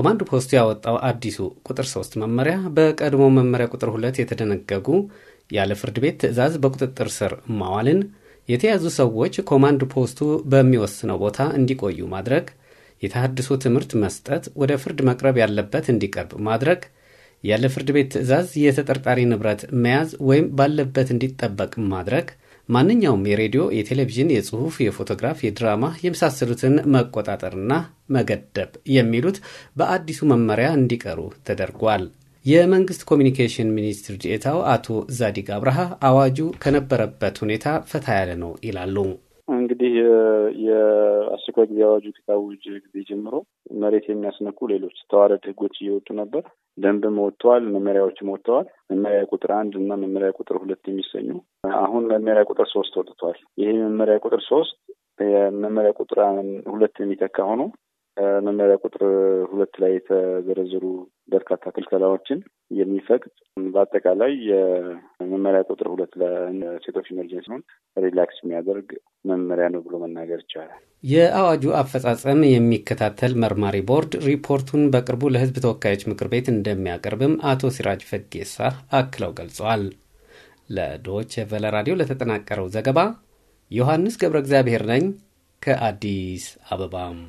ኮማንድ ፖስቱ ያወጣው አዲሱ ቁጥር 3 መመሪያ በቀድሞ መመሪያ ቁጥር 2 የተደነገጉ ያለ ፍርድ ቤት ትዕዛዝ በቁጥጥር ስር ማዋልን፣ የተያዙ ሰዎች ኮማንድ ፖስቱ በሚወስነው ቦታ እንዲቆዩ ማድረግ፣ የተሃድሶ ትምህርት መስጠት፣ ወደ ፍርድ መቅረብ ያለበት እንዲቀርብ ማድረግ፣ ያለ ፍርድ ቤት ትዕዛዝ የተጠርጣሪ ንብረት መያዝ ወይም ባለበት እንዲጠበቅ ማድረግ ማንኛውም የሬዲዮ፣ የቴሌቪዥን፣ የጽሑፍ፣ የፎቶግራፍ፣ የድራማ የመሳሰሉትን መቆጣጠርና መገደብ የሚሉት በአዲሱ መመሪያ እንዲቀሩ ተደርጓል። የመንግስት ኮሚኒኬሽን ሚኒስትር ዴኤታው አቶ ዛዲግ አብርሃ አዋጁ ከነበረበት ሁኔታ ፈታ ያለ ነው ይላሉ። እንግዲህ ከአስቸኳይ ጊዜ አዋጁ ከታወጀ ጊዜ ጀምሮ መሬት የሚያስነኩ ሌሎች ተዋረድ ህጎች እየወጡ ነበር። ደንብም ወጥተዋል፣ መመሪያዎችም ወጥተዋል። መመሪያ ቁጥር አንድ እና መመሪያ ቁጥር ሁለት የሚሰኙ አሁን መመሪያ ቁጥር ሶስት ወጥቷል። ይህ መመሪያ ቁጥር ሶስት የመመሪያ ቁጥር ሁለት የሚተካ ሆኖ መመሪያ ቁጥር ሁለት ላይ የተዘረዘሩ በርካታ ክልከላዎችን የሚፈቅድ በአጠቃላይ የመመሪያ ቁጥር ሁለት ለሴቶች ኢመርጀንሲ ሲሆን ሪላክስ የሚያደርግ መመሪያ ነው ብሎ መናገር ይቻላል። የአዋጁ አፈጻጸም የሚከታተል መርማሪ ቦርድ ሪፖርቱን በቅርቡ ለሕዝብ ተወካዮች ምክር ቤት እንደሚያቀርብም አቶ ሲራጅ ፈጌሳ አክለው ገልጸዋል። ለዶች ቨለ ራዲዮ ለተጠናቀረው ዘገባ ዮሐንስ ገብረ እግዚአብሔር ነኝ ከአዲስ አበባም